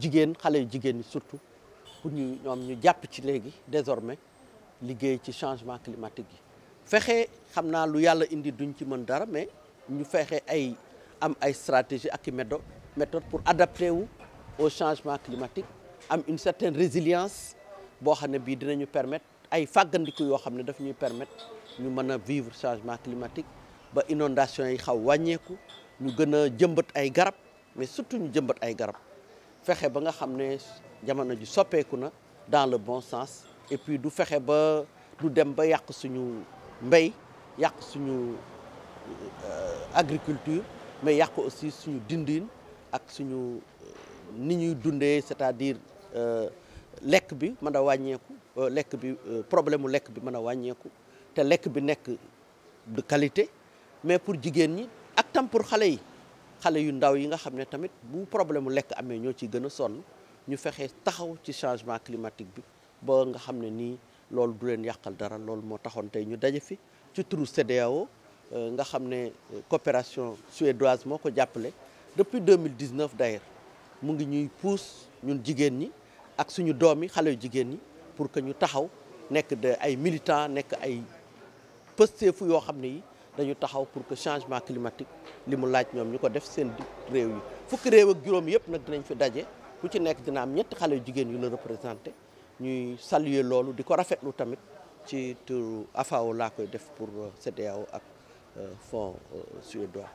Jigen, xalé jigen surtout pour ñu ñom ñu japp ci légui désormais liggéey ci changement climatique fexé xamna lu yalla indi duñ ci mën dara mais ñu fexé ay am ay stratégie ak méthode pour adapter wu au changement climatique am une certaine résilience bo xamné bi dinañu permettre ay fàggandiku yo xamné daf ñuy permettre ñu mëna vivre changement climatique ba inondation yi xaw wañéku ñu gëna a jëmbat ay garab mais surtout ñu jëmbat ay garab fexe ba nga xamné jamono ji soppeeku na dans le bon sens et puis du fexe ba du dem ba yak suñu mbéy yak suñu euh, agriculture mais yàq aussi suñu dindine ak suñu euh, ni ñuy dundee c'est-à-dire euh, lekk bi mën a euh, lekk bi problème mu lekk bi mën a wàññeeku té lekk bi nek de qualité mais pour jigéen ñi ak tam pour xalé yi xalé yu ndaw yi nga xamné tamit bu problème lek amé amee ñoo ciy gën a ñu fexé taxaw ci changement climatique bi ba nga xamné ni lool du leen yakal dara lool mo taxoon tay ñu dajé fi ci turu CDAO euh, nga xamné euh, coopération suédoise moko ko depuis 2019 d'ailleurs mu ngi ñuy pousse ñun jigen ñi ak suñu doomi xalé yu jigen ñi pour que ñu taxaw nek de ay militants nek ay pësteefu yo xamné yi dañu taxaw pour que changement climatique li mu laaj ñoom ñu ko def seen réew yi fukki réew ak juróom yëpp nag dinañ fi daje ku ci nekk dina am ñetti xale jigéen yu la représenté ñuy saluer loolu di ko rafetlu tamit ci turu AFAO laa koy def pour euh, CEDEAO ak euh, fonds euh, suédois